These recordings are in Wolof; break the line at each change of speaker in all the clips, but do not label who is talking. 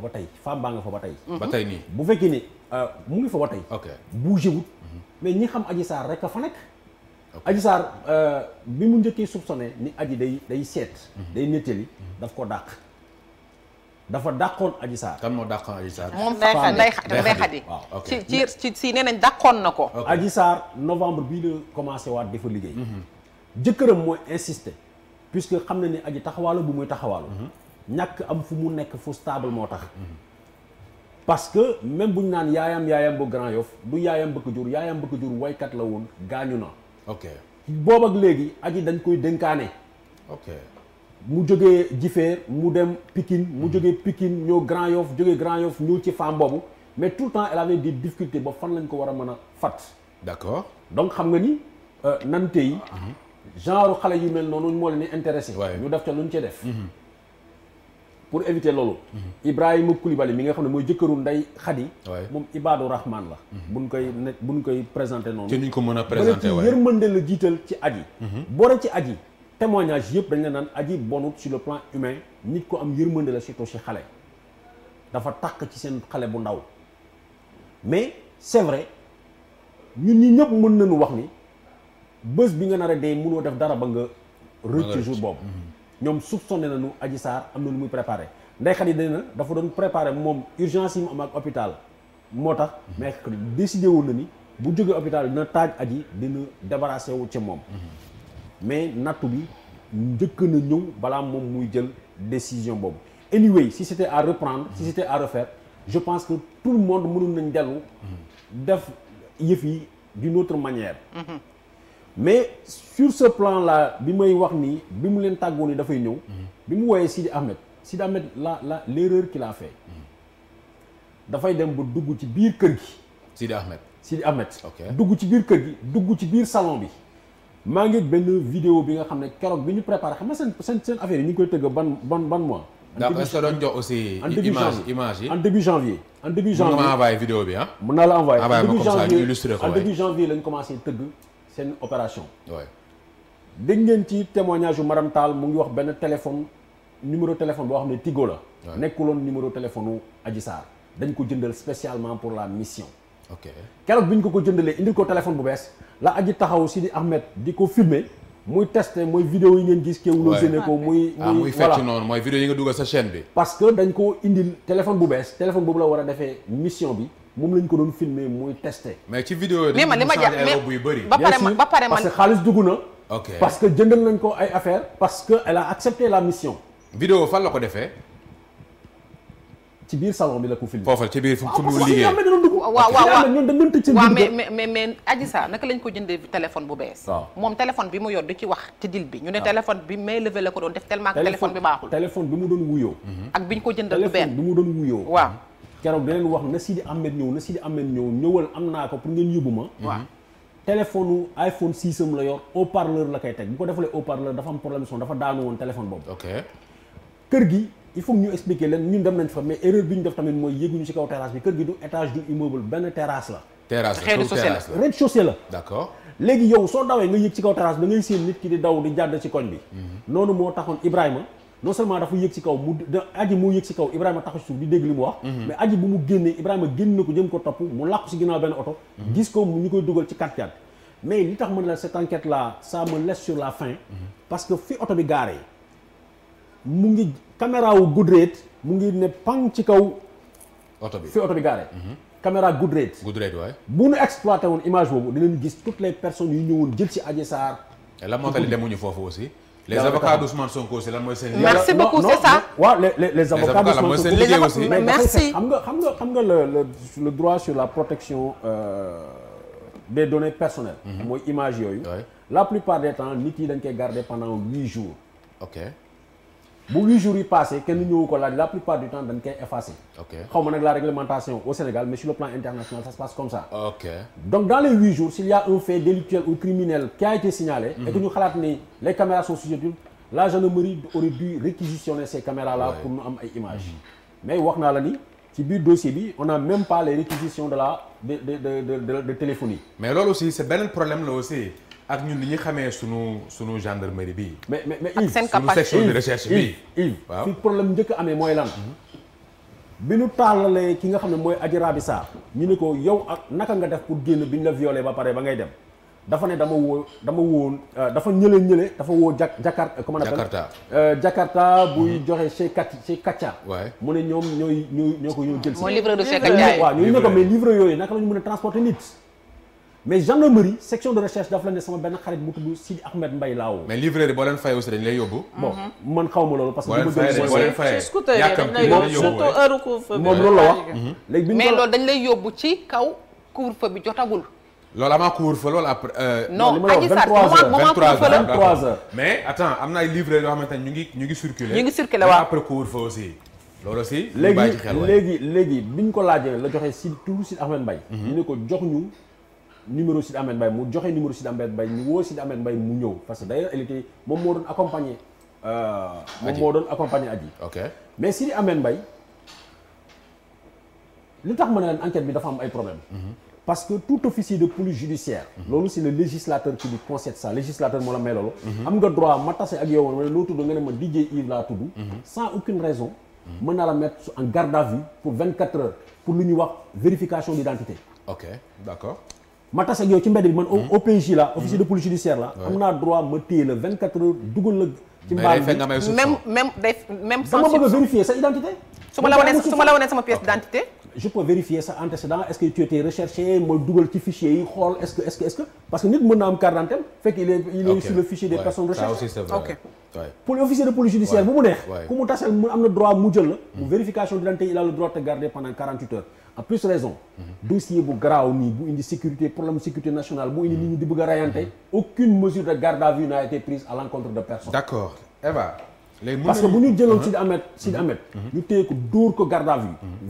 fa tey femme baa nga fa ba tey. Mm-hmm. ba tey nii bu fekkee ni euh, mu ngi fa ba tey. ok bougé mm-hmm. mais ñi xam Adji saar rek a fa nekk. Adji Sarr euh, bi mu njëkkee soupçonné ni Adji day day seet. Mm-hmm. day nettali daf ko dàq. dafa dàqoon Adji Sarr. kam moo dàqoon Adji Sarr. moom day xadi waaw
ci si nee nañ dàqoon na ko. Adji
Sarr novembre bii la commencé waat di fa liggéey. jëkkëram mooy insister puisque xam na ni aji taxawaalu bu muy taxawaalu. ñàkk am fu mu nekk fu stable motax parce que même buñ nane yayam yayam bu Grand Yoff du yayam bëgg jur yayam bëgg jur kat la woon gañu na ok boobu ak léegi aji dañ koy dénkaane ok mu joggé jifeer mu dem Pikine mu mhm. joggé Pikine ñoo Grand Yoff joggé Grand Yoff ñëw ci fam bobu mais tout le temps elle avait des difficultés ba fan lañ ko wara mëna fat d'accord donc xam nga ni euh, nante yi mhm. genre xalé yu mel nonu mo leen di intéressé ñu def ci luñ ci def mhm pour éviter lolo mhm. ibrahim Koulibaly mi nga xam moy mooy jëkkëru Ndeye Khady moom Ibadou Rahman la mhm. buñ koy buñ koy présenter non ci niñ ko mën présenter présenté waaye yërmande la jiital ci aji mhm. boré ci aji témoignage yëpp dañ la naan aji yi sur le plan humain nit ko am yërmande la surtout si xalé dafa tak ci sen xalé bu ndaw mais c'est vrai ñun ñi ñëpp mëna ñu wax ni bëss bi nga nar a mëno def dara ba nga rëcc jour boobu ñom soupçonné nañu Adji Sar am na lu muy préparé ndey xat yi dañ na dafa doon préparer mom urgence yi am ak hôpital motax mercredi. mais décidé woon ni bu jógee hôpital dina taj Adji dina débarrasser wu ci mom mais natou bi njëkk na ñew bala mom muy jël décision boobu anyway si c'était à reprendre si c'était à refaire je pense que tout le monde mënu nañ dalu mm-hmm. def yëf yi d'une autre manière mm-hmm mais sur ce plan là bi may wax ni bi mu len tàggoo ni fay ñëw bi mu woyé Sidi Ahmed Sidi Ahmed la la l'erreur qu'il a fait fay dem ba dugg ci biir kër gi Sidi Ahmed Sidi Ahmed dugg ci biir kër gi dugg ci biir salon bi maa ngi vidéo bi nga xamné kérok bi ñu préparer xam nga sen affaire yi ñu koy teug ban ban ban mois est-ce
que aussi image image en début janvier
en début janvier hein? mën naa la
envoyé vidéo bi ah mën la envoyé en début janvier en début
janvier commencé tëgg une opération. waay dégg ngeen témoignage yu madame tal mu ngi wax téléphone numéro téléphone boo xam ne Tigo la. nekkuloon numéro téléphone u Adji Sarr dañ ko jëndal spécialement pour la mission. ok Quand bi ñu ko ko jëndalee indil ko téléphone bu bees la Adji taxaw Sidi Ahmed di filmer muy testé moi vidéo yi ngeen gis. Kewoulo Séné ko ah, muy. Ah, muy muy fecc
non mooy vidéo yi nga sa chaîne bi.
parce que dañ ko indil téléphone bu bess téléphone bobu la wara défé mission bi mom lañ ko doon filmer moy testé.
mais ci vidéo
mais man lima jax jàpp ba paré ba paré man parce que xaliss duguna ok parce que jëndal nañ ko ay affaire parce que elle a accepté la mission. vidéo fan la ko défé ci biir salon bi la ko filmé. fofal ci biir fu mu liggéey wa wa wa
ñun dañu tëj seen. waaw mais mais mais adissa naka lañ ko jëndee téléphone bu bees. mom téléphone bi mu yodd ci wax ci dil bi. ñu né ah. téléphone bi may levé la ko doon def tellement que téléphone bi baaxul.
téléphone bi mu doon wuyoo.
ak biñ ko jëndal bu benn téléphone bi mu doon
wuyoo. waaw kéro da wax na Sidi Ahmed ñew na Sidi Ahmed ñew ñewal amna ko pour ngeen yóbbu ma. waaw mhm. téléphone iPhone 6 am la yor haut-parleur la koy teg bu ko defalee haut-parleur dafa am problème son dafa daanu won téléphone bob ok kër gi il faut ñu expliquer leen ñun dem nañ fa mais erreur bi ñu def tamen moy yeguñu ci kaw terrasse bi kër gi du étage du immeuble ben terrasse la.
terrasse la terrasse
la rez-de-chaussée la. d'accord légui yow so dawé nga yegg ci kaw terrasse da ngay seen nit ki di daw di jadd ci koñ bi. Mhm. nonu mo taxone Ibrahima non seulement dafa yek ci kaw mu aji mo yek ci kaw Ibrahima taxu ci di dégg li wax mhm. mais aji bu mu génnee Ibrahima génn nako jëm ko top mu làqu ci ginnaaw ben auto mhm. gis ko mu ñukoy duggal ci quartier mais li tax mën la cette enquête là ça me laisse sur la faim mhm. parce que fi auto bi garé mu ngi caméra wu Goodreads mu ngi ne pang ci kaw auto bi fi auto bi garé caméra Goodreads Goodreads way bu ñu exploiter woon image boobu dinañ gis toutes les personnes yu ñëwoon jël ci Adji Sarr
la moo demu ñu fofu aussi les avocats d'Ousmane Sonko c'est la mooy merci beaucoup c'est ça. Oui, les avocats d'Ousmane Sonko les avocats aussi.
merci le le droit sur la protection euh, des données personnelles. Mhm. moi, image la plupart des temps les gens gardé pendant 8 jours. ok. Si 8 jours passent, la plupart du temps on est effacé. Comme On a la réglementation au Sénégal mais sur le plan international ça se passe comme ça. donc dans les 8 jours s'il y a un fait délictuel ou criminel qui a été signalé. Mhm. et que nous avons les caméras sont susceptibles la gendarmerie aurait dû réquisitionner ces caméras là. pour nous image. ay images. mais wax n'a la ni ci dossier on n'a même pas les réquisitions de la de de de téléphonie.
mais c'est aussi c'est le problème là aussi. ak ñun li ñu xamee sunu gendre gendarmerie bi
mais mais mais Yves sunu section de recherche bi Yves waaw amee mooy lan bi nu taalalee ki nga xam ne mooy Adji Raby Sarr ñu ne ko yow ak naka nga def pour génn bi ñu la violé ba pare ba ngay dem dafa ne dama woo dama woon euh, dafa ñële ñële dafa woo jak Jakarta comment on appelle Jakarta euh, buy mhm. joxe chez Kat chez Kacha mu ne ñoom ñooy ñoo ñoo ko ñoo jël si mooy livreur de ne ko mais livreur yooyu naka la ñu mën a transporter nit mais gendarmerie section de recherche dafa la sama ben xarit mu tudd Sidi Ahmed Mbaye Law
mais livreur yi boo fay aussi
dañ lay yobbu bon mhm. man xawma lolu parce que boo leen
fayee
surtout heure couvre-feu moom loolu la wax mhm. léegi bi mais lolu dañ lay yobbu ci kaw couvre-feu bi jotagul
lolu ama couvre-feu loolu après euh, non Adji Sarr moment couvre-feu la 23 heures mais attends am na ay xamanteni ñu ngi ñu ngi circuler ñu ngi circuler waaw après couvre-feu aussi lolu aussi léegi
léegi léegi biñ ko laaje la joxe Sidi tudd Sidi Ahmed Mbaye mhm. ñu ne ko jox ñu numéro Sidi Ahmed Mbaye mu joxe numéro Sidi Ahmed Mbaye ñu wo Sidi Ahmed Mbaye mu ñëw parce que d'ailleurs elle était moom doon accompagné. Euh, moom moo doon accompagner Adji. ok mais Sidi Ahmed Mbaye li tax ma enquête bi dafa am ay problème mhm. parce que tout officier de police judiciaire. Mhm. lolu c'est le législateur qui lui concède ça législateur mo la may loolu. Mhm. am nga droit ma tase ak yow ma ne nga ne ma DJ Yves laa tudd. sans aucune raison. mën naa la mettre en garde à vue pour 24 heures pour lu wax vérification d'identité. ok d'accord ma tas ak yow ci mbedd bi man hmm. OPJ la officier de hmm. police judiciaire la am naa droit me téye la vingt quatre heures dugal la ci mbaal bi même
même day même dama bëgg vérifier sa identité su ma la wanee
sama pièce d'identité je peux vérifier ça antécédent est-ce que tu étais recherché mon double ci fichier yi est-ce que est-ce que est-ce que parce que nous mën na am quarantaine fait qu'il est il est sur le fichier des personnes recherchées ok pour officiers de police judiciaire vous mu comment ku mu taseel droit de jël la hmm. vérification d'identité il a le droit de garder pendant 48 heures en plus raison hmm. dossier pour grave ni, bu indi sécurité problème sécurité nationale bu indi hmm. nit ñi di aucune mesure de garde à vue n'a été prise à l'encontre de personne d'accord Eva
parce que bu ñu jëloon uh-huh. Sid Ahmed
Sid uh-huh. Ahmed uh-huh. garde à vue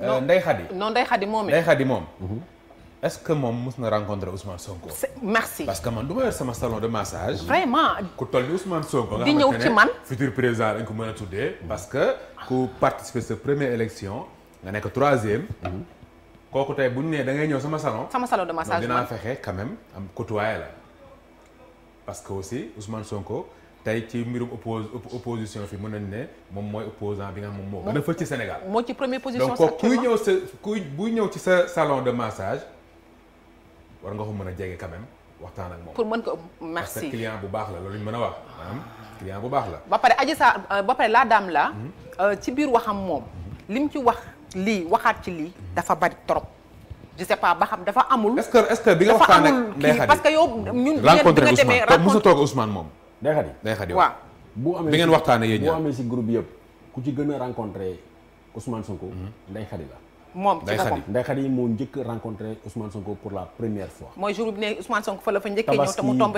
non euh, Ndeye non Ndeye Khady moom Ndeye
Khady moom. est-ce que moom mës na rencontrer Ousmane Sonko. merci parce que man du ma sama salon de massage. vraiment ku toll Ousmane Sonko. futur président dañ ko mën a parce que ku participer sa première élection nga nekk troisième. kooku tey bu ñu nee da ngay ñëw sama salon.
sama salon de massage dinaa
fexe quand même am côtoyer la. parce que aussi Ousmane Sonko. tey ci mbirum opposition fi mën nañ ne moom mooy opposant bi nga xam moom moo gën a fës ci Sénégal
moo ci première position donc
kuy ñëw sa kuy buy ñëw ci sa salon de massage war nga ko mën a jege quand même waxtaan ak moom pour
mën ko merci parce
que bu baax la loolu mën a wax maanaam bu baax la
ba pare aji sa euh, ba pare laa daam la hmm. euh, ci biir waxam moom lim ci wax lii waxaat ci lii dafa bari trop je sais pas ba xam dafa amul est-ce que est-ce que bi nga waxtaan ak Ndeye Khady
parce
day xadi day xadi waaw bu amee bi ngeen waxtaanee yéen ñaar bu amee
si groupe yëpp ku ci gën a rencontré Ousmane Sonko mhm. nday xadi la
moom ci boppam
nday xadi moo njëkk rencontré Ousmane Sonko pour la première fois
mooy jour bi ne fa la fa njëkkee ñëw te mu tombé